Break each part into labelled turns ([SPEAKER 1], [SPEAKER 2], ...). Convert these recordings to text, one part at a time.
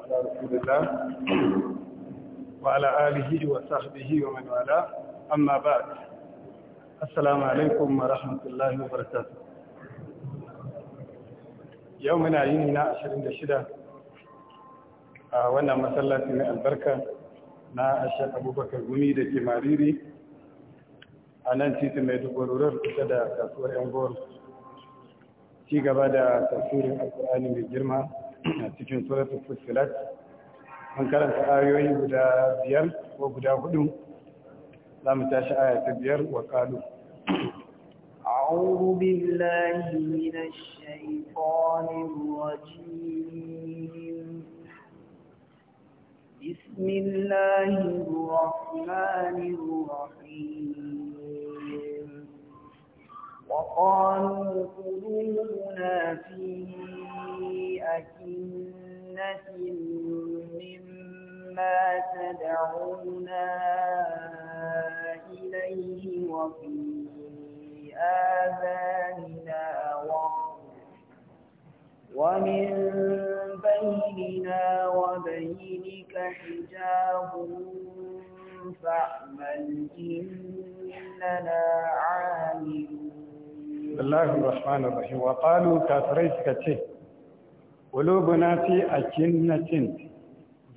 [SPEAKER 1] salamu ala wa ala alihi wa sahbihi wa man wala amma ba'd assalamu alaikum wa rahmatullahi wa barakatuh yau muna yini na 26 a wannan masallacin albarka na ashe abubakar gumi da ke a nan titin mai dubarurar kusa da kasuwar yan gaba da tasirin alkur'ani mai girma a cikin suratun fusilat an karanta ayoyi guda biyar ko guda hudu za mu tashi ayata ta biyar wa kalu
[SPEAKER 2] أعوذ بالله من الشيطان الرجيم بسم الله الرحمن الرحيم وقالوا قلوبنا فيه مما تدعونا إليه وفي آذاننا وقت ومن بيننا وبينك حجاب فاعمل إننا عاملون
[SPEAKER 1] بسم الله الرحمن الرحيم وقالوا كافريس كتير ƙulubuna fi a cin-na-cin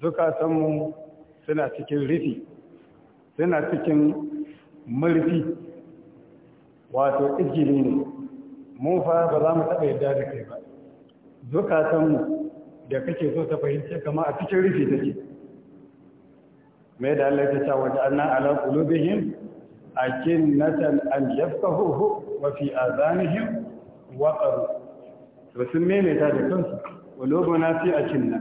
[SPEAKER 1] zukatanmu suna cikin rufi suna cikin murfi wato izgili ne mun fara ba za mu taɓa yadda da kai ba zukatanmu da kake so ta fahimce kama a cikin rufi take mai da Allah ta cewa da annan ala qulubihim akinnatan an yafqahuhu wa fi adanihim waqar to sun mene ta da kansu qulubuna fi akinna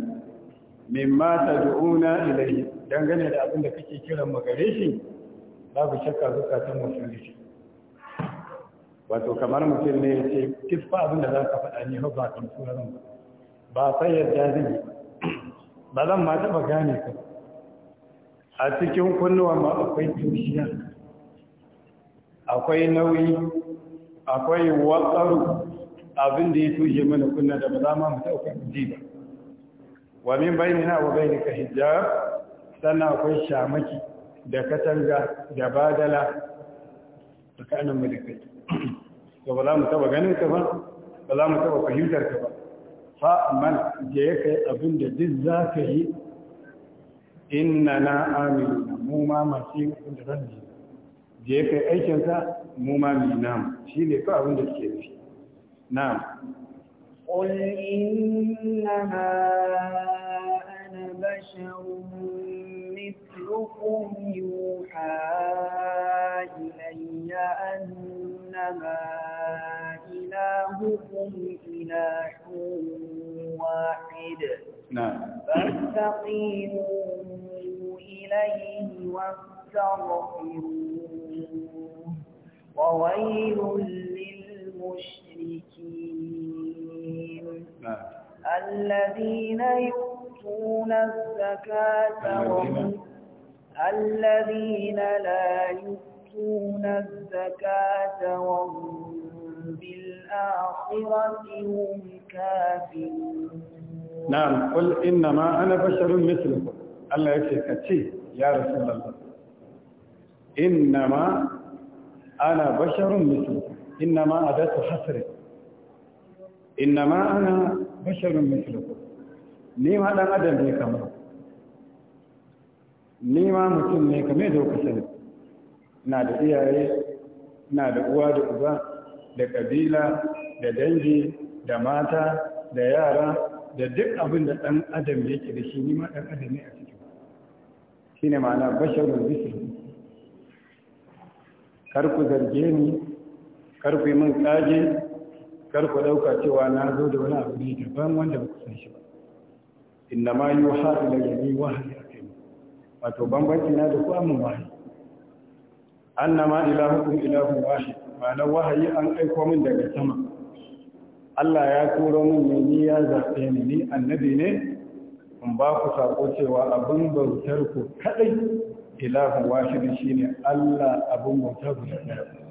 [SPEAKER 1] mimma tad'una ilayi dangane da abin da kake kiran magare shi? shi babu shakka zukatan mu sun rishi wato kamar mutum ne ce, kifa abinda da ka faɗa ni ba kan sunan ba sai yadda zai ba zan ma taɓa gane ka a cikin kunnuwa ma akwai tushiya akwai nauyi akwai watsaru abin da ya tuje mana kunna da ba za mu ɗauka ji ba wa min bainina wa bainika hijab sannan akwai shamaki da katanga da badala tsakanin mu da kai to ba za mu taba ganin ka ba ba za mu taba fahimtar ka ba fa amma je ya kai abin da duk za ka yi inna na aminu mu ma masu yin da zan je ya kai aikinsa mu ma mina namu shi ne ka abin da suke nufi نعم
[SPEAKER 2] قل إنما أنا بشر مثلكم يوحى إلي أنما إلهكم إله واحد نعم فاستقيموا إليه واستغفروه
[SPEAKER 1] وويل
[SPEAKER 2] للمشركين المشركين الذين يؤتون الزكاة وهم الذين لا يؤتون الزكاة وهم بالآخرة هم كافرون
[SPEAKER 1] نعم قل إنما أنا بشر مثلكم الله يكفيك يا رسول الله إنما أنا بشر مثلكم إنما أداة حسر إنما أنا بشر مثلكم نيما لا أدم لي كما نيما مثل لي كما يدوك سنة نادى إياه نادى أواد أبا da ƙabila da dangi da mata da yara da duk abinda da ɗan adam yake da shi nima ɗan adam ne a cikin shi ne ma'ana basharun bisir kar ku zarge ni kar ku yi min tsaje kar ku ɗauka cewa na zo da wani abu ne daban wanda ba ku san shi ba inna ma yi wa ila yabi wahayi a kai wato bambanci na da ku amin wahayi ilahu ilahukum ilahu wahid ma'anar wahayi an aiko min daga sama Allah ya turo min ne ni ya zaɓe ni ni annabi ne in ba ku sako cewa abin bautar ku kaɗai ilahu washidin shi ne Allah abin bautar ku da ɗaya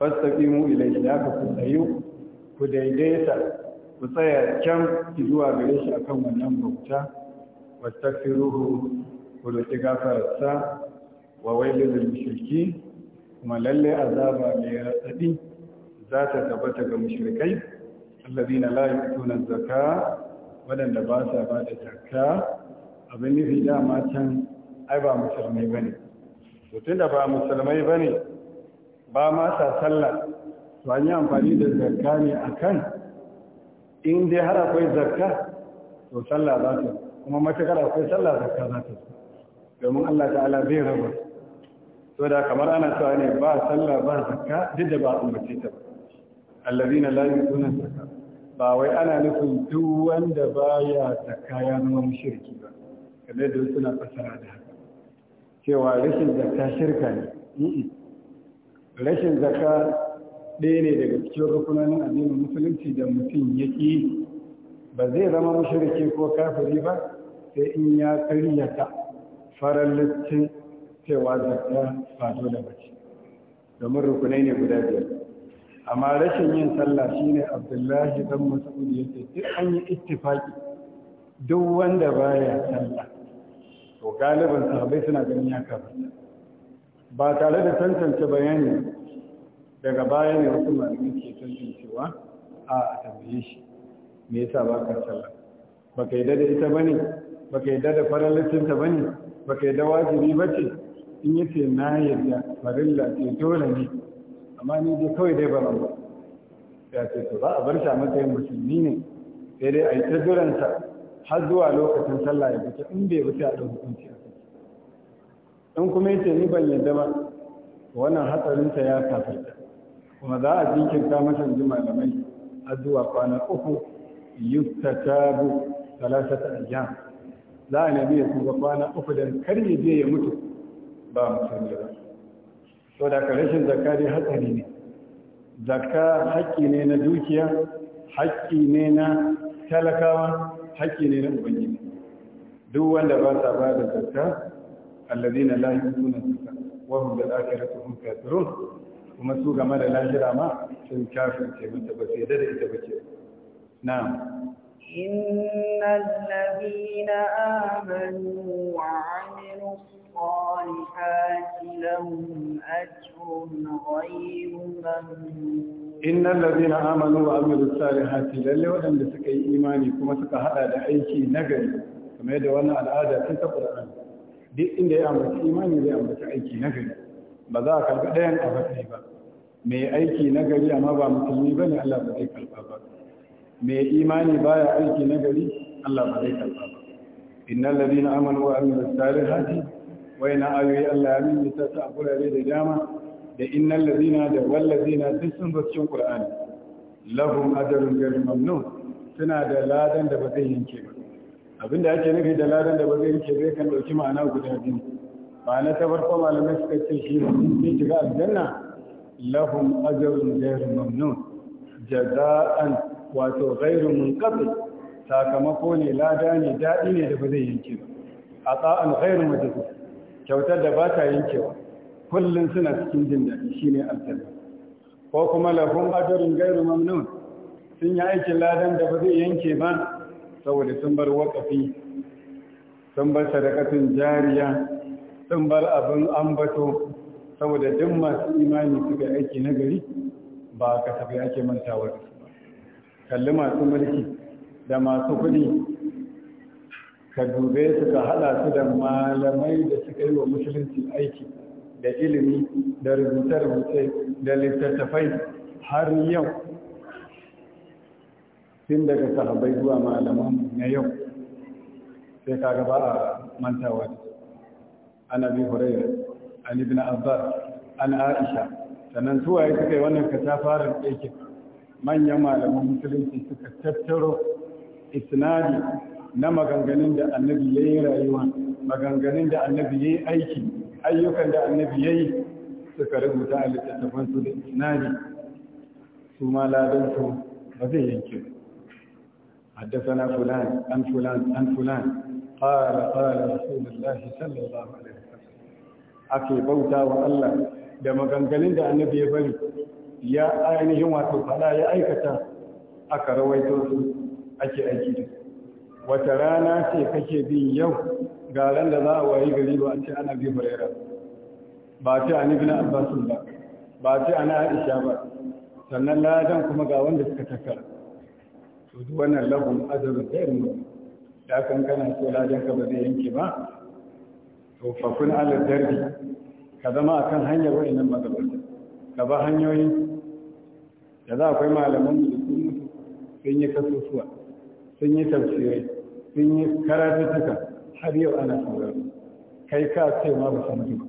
[SPEAKER 1] fastaqimu ilayhi da ka ku tsayu ku daidaita ku tsaya can zuwa gare shi akan wannan bauta wastaghfiruhu ku roki gafararsa wa wailul lil mushriki kuma lalle azaba mai ratsadi za ta tabbata ga mushrikai alladhina la yu'tuna zakka wadanda ba sa ba da zakka abin nufi dama can ai ba musulmai bane to ba musulmai bane ba ma sa sallah to an yi amfani da zakka ne akan. kan in dai har akwai zakka to sallah za ta kuma matakar akwai sallah zakka za ta domin Allah ta'ala zai raba to da kamar ana cewa ne ba sallah ba zakka duk da ba ambace ta allazina la yuquna zakka ba wai ana nufin duk wanda baya zakka ya zama mushriki ba kamar da suna fasara da haka cewa rashin zakka shirka ne rashin zaka ɗaya ne daga cikin rukunanin addinin musulunci da mutum ya ƙi ba zai zama mushriki ko kafiri ba sai in ya karyata littin cewa zaka fado da ba domin rukunai ne guda biyar amma rashin yin sallah shine abdullahi dan mas'ud yake duk an yi ittifaki duk wanda baya sallah to galiban sahabbai suna ganin ya kafarta ba tare da tantance bayani daga baya ne wasu malami ke tantancewa a tambaye shi me yasa ba ka sallah ba ka yadda da ita ba ne ba ka yadda da faralacinta ba ne ba ka yadda wajibi ba ce in yi ce na yadda farilla ce dole ne amma ni dai kawai dai ba ba ya ce to ba a bar shi a matsayin musulmi ne sai dai a yi ta duransa, har zuwa lokacin sallah ya fita in bai wuce a ɗan hukunci in kuma yace ni ban yadda ba wannan hatsarinsa ya kafirta kuma za a jinkirta masa ji malamai a zuwa kwana uku yuktatabu talatata ayyam za a nabi ya tuba kwana uku dan kar ya je ya mutu ba musulmi ba to da ka rashin zakari hatsari ne zakka haƙƙi ne na dukiya haƙƙi ne na talakawa haƙƙi ne na ubangiji duk wanda ba sa ba da zakka allazina la yu'minuna bika wa hum bil akhirati hum kafirun kuma su game da lahira ma sun kafir ce mata ba ita bace na'am
[SPEAKER 2] innal ladina amanu wa amilu
[SPEAKER 1] Innan lalina amanu wa amiru tsari hati lalle waɗanda suka yi imani kuma suka haɗa da aiki nagari kamar da wannan al'ada tun taɓa da duk inda ya ambaci imani zai ambaci aiki na gari ba za a karɓi ɗayan a matsayi ba mai aiki na gari amma ba musulmi ba ne Allah ba zai karɓa ba mai imani baya aiki na gari Allah ba zai karɓa ba innal ladina amanu wa amilus salihati wa ina ayoyi Allah ya min ta ta gurare da dama da innal ladina da wal ladina duk sun zo cikin Qur'ani lahum ajrun ghayr mamnun suna da ladan da ba zai yanke ba abinda ake nufi da ladan da ba zai bai kan dauki ma'ana guda biyu ma'ana ta farko malamai suka ce shi ne sun shiga aljanna lahum ajrun ghairu mamnun jaza'an wato ghairu munqati sakamako ne lada ne dadi ne da ba zai yanke ba ata'an ghairu majzuz kyautar da ba ta yankewa kullun suna cikin jin dadi shine aljanna ko kuma lahum ajrun ghairu mamnun sun yi aikin ladan da ba zai yanke ba saboda sun bar waƙafi sun bar sadakatun jariya sun bar abin ambato saboda duk masu imani suka aiki na gari ba kasafi ake mantawa da su kalli masu mulki da masu kuɗi ka dube su ka haɗa su da malamai da suka yi wa musulunci aiki da ilimi da rubuce-rubuce da littattafai har yau tun daga sahabbai zuwa malaman na yau sai ka gaba a mantawa an abi huraira an ibn abbas an aisha sannan zuwa ya suka yi wannan fara ɗaikin manyan malaman musulunci suka tattaro isnadi na maganganun da annabi ya yi rayuwa maganganun da annabi ya yi aiki ayyukan da annabi ya yi suka rubuta a littattafansu da isnadi su ma ladansu ba zai yanke ba. حدثنا فلان عن فلان عن فلان قال قال رسول الله صلى الله عليه وسلم ake bauta wa Allah da maganganun da annabi ya bari ya ainihin wato faɗa ya aikata aka rawaito su ake aiki da wata rana ce kake bin yau ga da za a wayi gari ba ce ana bi hurera ba ce an ibn abbas ba ba ce ana aisha ba sannan ladan kuma ga wanda suka takara duk wannan lahum ajrun ghayr da kan kana so ladan ka ba zai yanke ba to fa kun ala darbi ka zama akan hanyar wayannan magabata ka ba hanyoyi da za akwai malaman da sun mutu sun yi kasusuwa sun yi tafsirai sun yi karatuttuka har yau ana sauraro kai ka ce ma ba san ba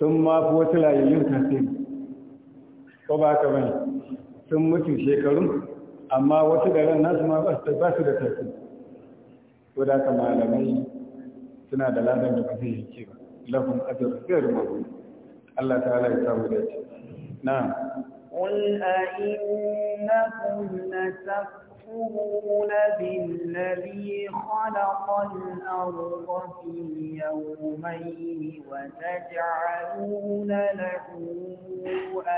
[SPEAKER 1] sun ma fi wasu layayyun tasiri ko ba ka bane sun mutu shekarun amma wasu ran nasu ma ba su da tafi ko da ka malamai suna da ladan da ba zai ke ba lahum ajr ghayr mamnun Allah ta'ala ya samu da shi na'am
[SPEAKER 2] qul a innakum lasaf يكفرون بالذي خلق الأرض في يومين وتجعلون له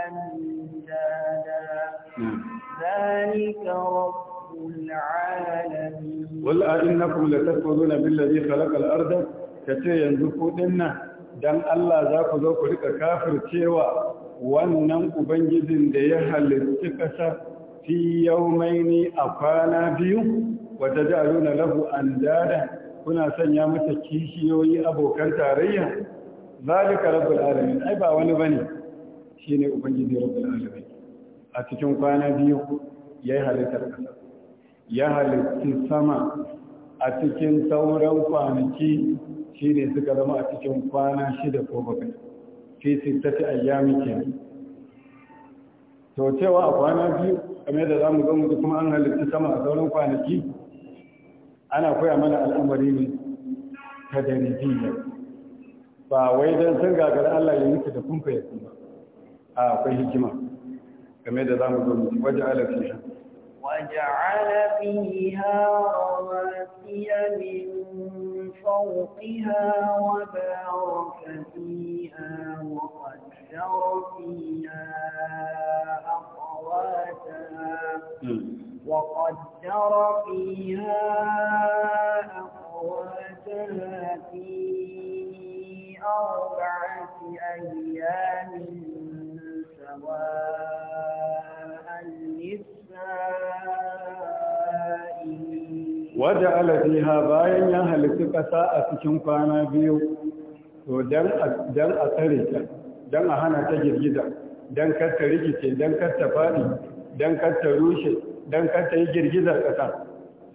[SPEAKER 2] أندادا ذلك رب Wala a ina kuma da tattalin abin
[SPEAKER 1] da zai kalakal arda, ka ce yanzu kudin nan don Allah za ku zo ku rika kafircewa wannan Ubangijin da ya halittu ƙasa fi ni a kwana biyu wata ja'aluna lahu dada? kuna sanya mata kishiyoyi abokan tarayya zalika rabbul alamin ai ba wani bane shine ubangiji rabbul alamin a cikin kwana biyu yayi halittar kasa ya halitti sama a cikin sauran kwanaki shine suka zama a cikin kwana shida ko bakwai fi sittati ayyami kenan to cewa a kwana biyu kamar da za mu ga mutu kuma an halittu sama a sauran kwanaki ana koya mana al'amari ne ta daribiyya ba wai don sun gagara Allah ya mutu da kumfa ya kuma a akwai hikima kamar da za mu ga mutu wajen alafi shi
[SPEAKER 2] وجعل فيها رواسي من فوقها وبارك فيها أكثر فيها وقدر فيها أقواتها في أربعة أيام سواء
[SPEAKER 1] وجعل فيها باين يهلك كساء في كوانا بيو ودل dan don a hana ta girgiza don kar ta rikice don kar faɗi don kar rushe don kar yi girgizar ƙasa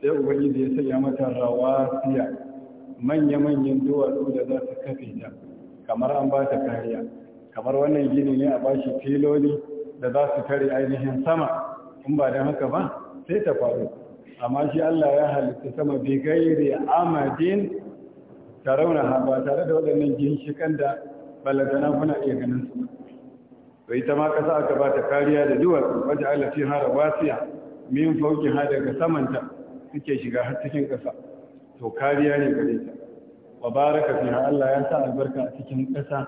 [SPEAKER 1] sai ubangiji ya sanya mata rawasiya manya-manyan duwatsu da za su kafe ta kamar an ba ta kariya kamar wannan gini ne a bashi filoli da za su kare ainihin sama in ba don haka ba sai ta faru amma shi Allah ya halitta sama bi gairi amadin ta rauna ba tare da waɗannan ginshikan da balantana kuna iya ganin su bai ta ma kasa aka ba ta kariya da duwatsu wajen alafi hara wasiya min fauki ha daga samanta suke shiga har cikin kasa to kariya ne gare ta wa baraka fiha Allah ya sa albarka a cikin kasa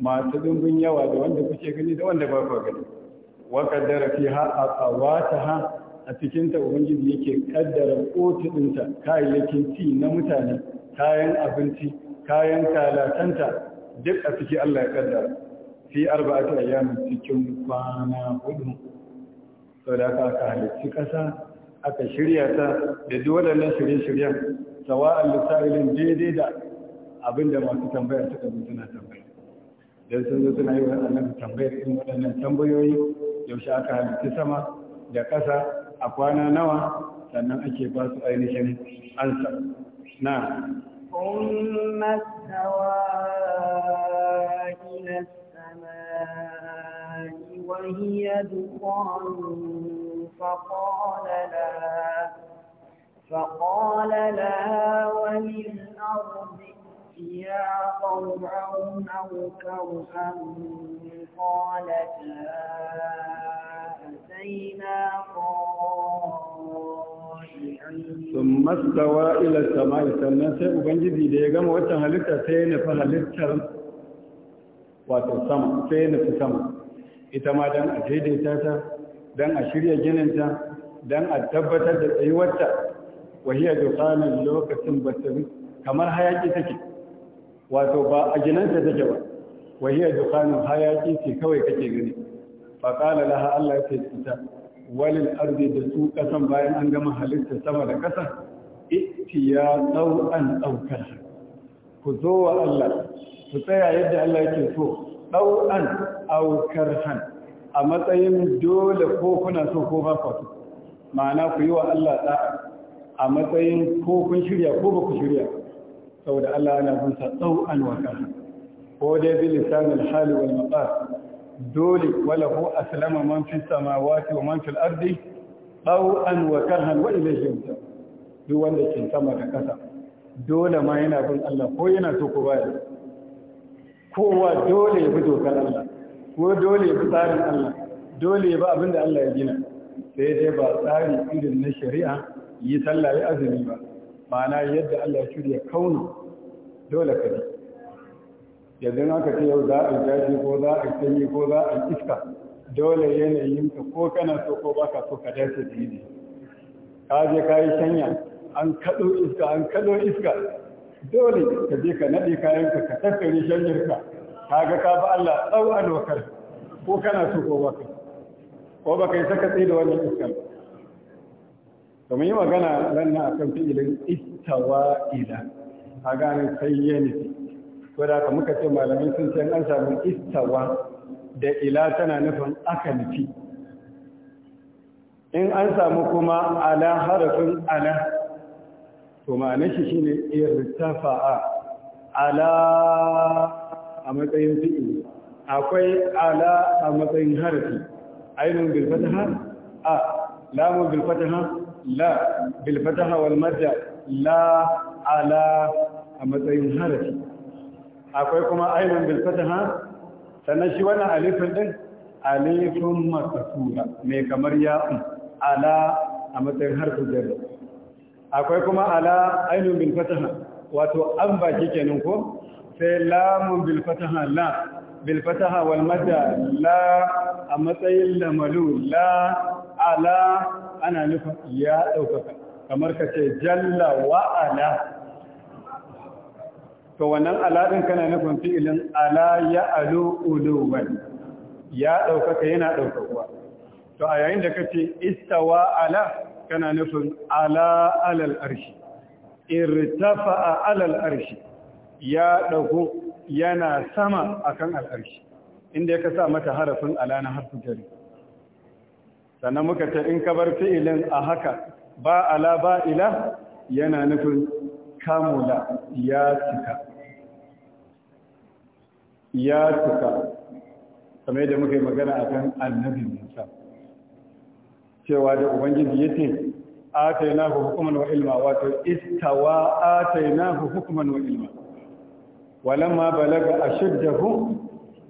[SPEAKER 1] masu dimbin yawa da wanda kuke gani da wanda ba ku gani wa qaddara fiha aqwataha a cikin ta ubangiji yake kaddara dinta kayayyakin ci na mutane kayan abinci kayan talatanta duk a ciki Allah ya kaddara fi ta ayyamin cikin kwana hudu sau da aka aka halicci kasa aka shirya ta da duk waɗannan shirye-shiryen sawa'an lissa'ilin daidai da abinda masu tambaya suka zo suna tambaya don sun zo suna yi wa tambayar irin waɗannan tambayoyi yaushe aka halitta sama da ƙasa a kwana nawa sannan ake ba su ainihin ansa na
[SPEAKER 2] وهي دخان فقال لا فقال لها وللأرض يا طوعا أو كرها قالتا أتينا ثم استوى إلى السماء
[SPEAKER 1] سنة أبنجي دي جم وتهلت سين فهلت شرم وتسمع سين في سمع ita ma don a daidaita ta don a shirya gininta don a tabbatar da tsayuwarta wahiyar dukkanin lokacin batari kamar hayaki take wato ba a ginanta take ba wahiyar dukkanin hayaki ce kawai kake gani faƙala laha Allah ya ce ita Walin arzi da su kasan bayan an gama halitta sama da ƙasa itiya tsau'an ɗaukar ku zo wa Allah ku tsaya yadda Allah yake so ɗau'an aukar han a matsayin dole ko kuna so ko ba kwato ma'ana ku yi wa Allah ɗa'a a matsayin ko kun shirya ko ba ku shirya da Allah yana kunsa ɗau'an wa kan ko dai bi lisanil hali wal maqas dole wala ko aslama man fi samawati wa man fil ardi ɗau'an wa karhan wa ilayhi yusuf duk wanda kin sama da ƙasa dole ma yana bin Allah ko yana so ko baya kowa dole ya fi dokar Allah ko dole ya fi tsarin Allah dole ya ba abin da Allah ya gina sai dai ba tsari irin na shari'a yi sallah ya azumi ba ma'ana yadda Allah ya shirya kauna dole ka bi yanzu aka ce yau za a jaji ko za a sanyi ko za a iska dole ka, ko kana so ko baka so ka dace da yi ka je ka yi sanya an kaɗo iska an kaɗo iska dole ka je ka naɗe kayanka ka tattare shanyarka ka ga ka ba Allah a alwakar ko kana so ko baka ko baka yi saka tsaye da wannan iskar to mun yi magana ranar akan fi'ilin ittawa ila ka gane sai ya nufi ko da muka ce malamai sun ce an samu istawa da ila tana nufin aka nufi in an samu kuma ala harafin ala to ma'anar shi shine irtafa'a ala a matsayin fi'il akwai ala a matsayin harafi ainun bil fataha a lamun bil ha la bil ha wal madda la ala a matsayin harafi akwai kuma ainun bil ha sannan shi wannan alifin din alifin makasura mai kamar ya'un ala a matsayin harfin jarra akwai kuma ala ainun bilfataha, wato an baki kenan ko sai lamun bilfataha la bilfataha fataha wal madda la a matsayin lamalu la ala ana nufa ya ɗaukaka kamar ka ce jalla wa ala to wannan ala din kana nufin fi'ilin ala ya alu uluwan ya ɗaukaka yana ɗaukakuwa to a yayin da kace istawa ala kana nufin ala alal arshi irtafa'a alal arshi ya dago yana sama akan al arshi inda ya sa mata harafin ala na harfin jari sannan muka ta in ka bar fi'ilin a haka ba ala ba ila yana nufin kamula ya cika ya cika kamar yadda muka yi magana akan annabi Musa cewa da ubangiji yace atainahu hukman wa ilma wato istawa atainahu hukman wa ilma walamma balaga ashaddahu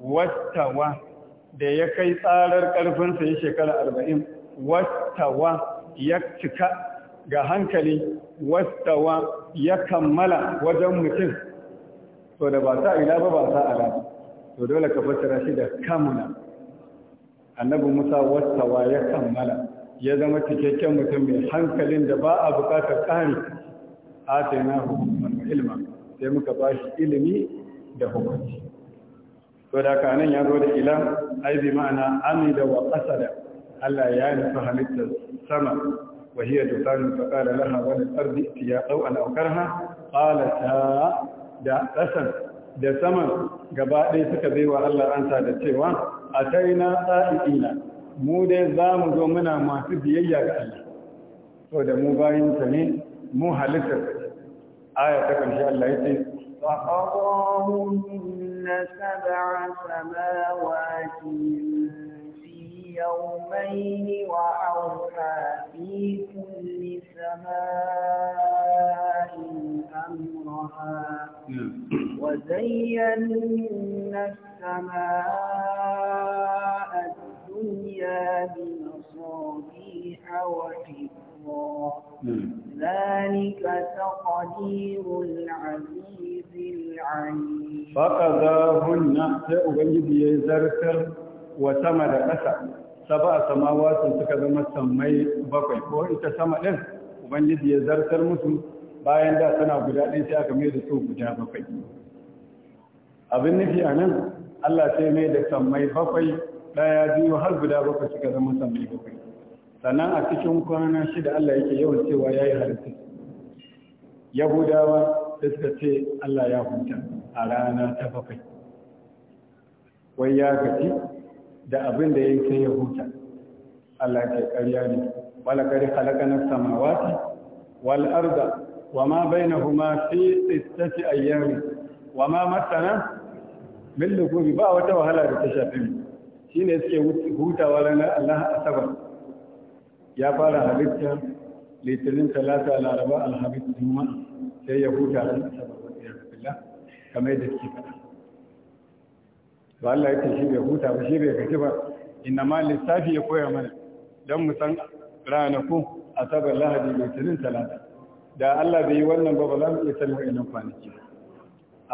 [SPEAKER 1] wattawa da ya kai tsarar sa ya shekara arba'in wattawa ya cika ga hankali wastawa ya kammala wajen mutum to da ba sa ila ba ba sa ala to dole ka fassara shi da kamuna annabi musa wastawa ya kammala ya zama cikakken mutum mai hankalin da ba a bukatar ƙari a sai hukumar ilma sai muka ba shi ilimi da hukunci to da ka nan ya zo da ila ai bi ma'ana amida wa da Allah ya nufi halittar sama wa hiya dukanu fa laha wani lil ardi tiya aw an awkarha da qasan da saman gaba ɗaya suka bai wa Allah ansa da cewa a ataina qa'ina mu dai za mu zo muna masu biyayya ga Allah to da mu bayin ta ne mu halitta aya ta ƙarshe Allah ya ce
[SPEAKER 2] فقضاهن سبع سماوات في يومين وأوحى في كل سماء أمرها وزينا السماء الدنيا بمصابيح وحفظا ذلك تقدير العزيز العليم فقضاهن
[SPEAKER 1] سأغيب يزرتر وتمر قسم سبع سماوات suka ما سمي بقي ko ita sama ɗin ubangiji ya zartar musu bayan da tana guda ɗin sai aka mai da su guda bakwai abin nufi a nan allah sai mai da sammai bakwai daya biyu har guda bakwai shiga zama sami bakwai sannan a cikin kwana shida Allah yake yawan cewa ya yi halitta yahudawa da suka ce Allah ya huta a rana ta bakwai wai ya gaji da abin da ya sai ya huta Allah ke ƙarya ne wala kari halaka na samawati wal arda wa ma huma fi sittati ayyami wa ma masana min lugubi ba wata wahala da ta shafi mu shi ne suke hutawa ranar allah asabar ya fara halitta litinin talata laraba alhamis juma'a sai ya huta a asabar wata yarda kamar yadda suke faɗa Ba allah ya ce shi bai huta ba shi bai gaji ba inna ma lissafi ya koya mana don mu san ranaku asabar lahadi litinin talata da allah bai yi wannan ba ba za mu iya sanin wa'annan kwanaki ba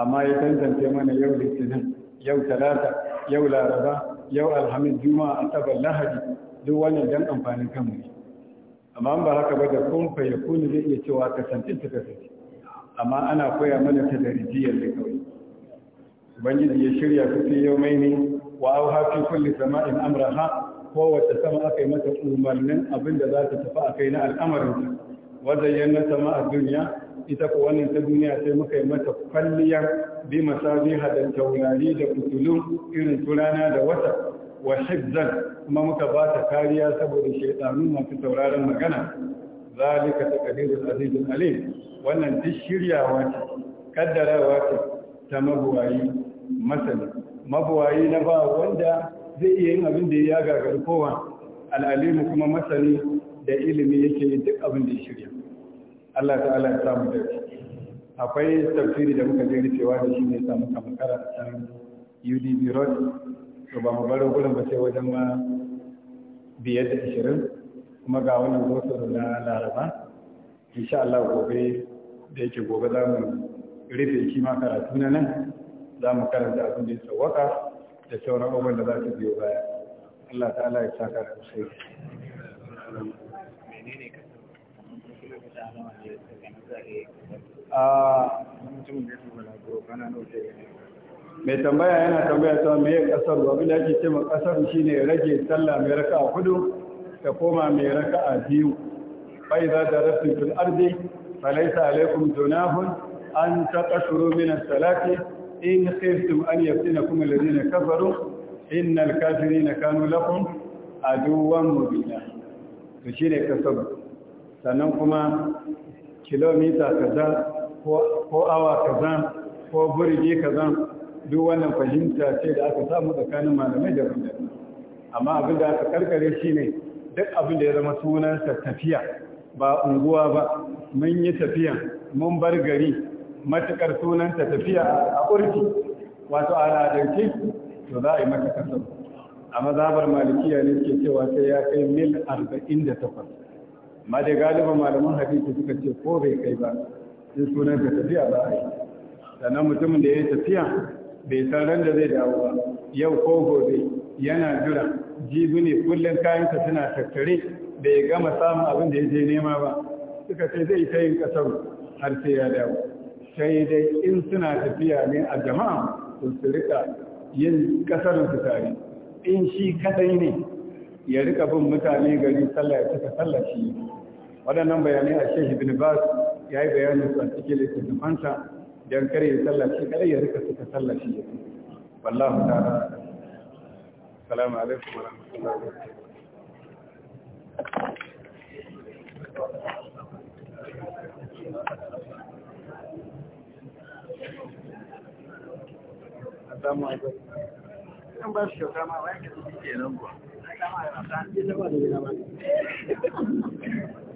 [SPEAKER 1] amma ya tantance mana yau litinin yau talata yau laraba yau alhamis juma'a asabar lahadi duk wannan dan amfanin kanmu ne amma ba haka ba da kun fa yakunu zai iya cewa ka kasance ta kasance amma ana koya mana ta darijiyar da kawai ubangiji ya shirya ku fi yau mai ne wa hafi fi kulli sama'in amraha kowace sama aka yi mata umarnin abinda za ta tafi a kai na al'amarin wa zayyana sama'a duniya ita ko wannan ta duniya sai muka yi mata kwalliya bi masabi da taurari da fitulun irin turana da wata wa hibzan kuma muka ba ta kariya saboda shaidanu masu tauraron magana zalika kadiru azizun alim wannan duk shiryawa ce kaddarawa ce ta mabuwayi masani mabuwayi na ba wanda zai iya yin abin da ya gagari kowa al'alimu kuma masani da ilimi yake yin duk abin da ya shirya Allah ta'ala ya samu da akwai tafsiri da muka je rufewa da shi ne samu kamakara a can UDB road to ba mu bar gurin ba sai wajen ma biyar da ashirin kuma ga wannan gosu na laraba insha Allah gobe da yake gobe za mu rufe shi ma karatu na nan za mu karanta abin da ya tsawaka da sauran abubuwan da za su biyo baya Allah ta'ala ya saka da alkhairi mai tambaya yana tambaya ta mai kasar abin bila ake ce ma shi shine rage tsalla mai raka a hudu ta koma mai raka a biyu bai za ta rasu fil arzi falaisa alaikum junahun an ta kasuru min salati in khiftum an yaftina kuma alladhina kafaru innal kafirina kanu lakum aduwwan mubina to shine kasar sannan kuma kilomita kaza ko awa kaza ko burge kaza duk wannan fahimta ce da aka samu tsakanin malamai da rumda amma abin da aka karkare shi ne duk abin da ya zama sunansa tafiya ba unguwa ba mun yi tafiya mun bar gari matukar sunanta tafiya a ƙurki wato to za a yi mata kasar a mazabar malikiya ne ke cewa sai ya kai mil arba'in da takwas amma dai galiban malaman hadisi suka ce ko bai kai ba sai sunan ka tafiya ba a yi sannan mutumin da ya yi tafiya bai san ran da zai dawo ba yau ko gobe yana jira jibi ne kullum kayansa suna tattare bai gama samun abin da ya je nema ba suka ce zai ta yin kasar har sai ya dawo sai dai in suna tafiya ne a jama'a to su rika yin kasar su tare in shi kadai ne ya rika bin mutane gari sallah ya cika sallah shi waɗannan bayanai a shehi bin bas ya yi bayanin su a cikin littattafansa don kare ya sallashi kada ya rika suka sallashi ya wallahu ta'ala salamu alaikum wa rahmatullahi wa barakatuh an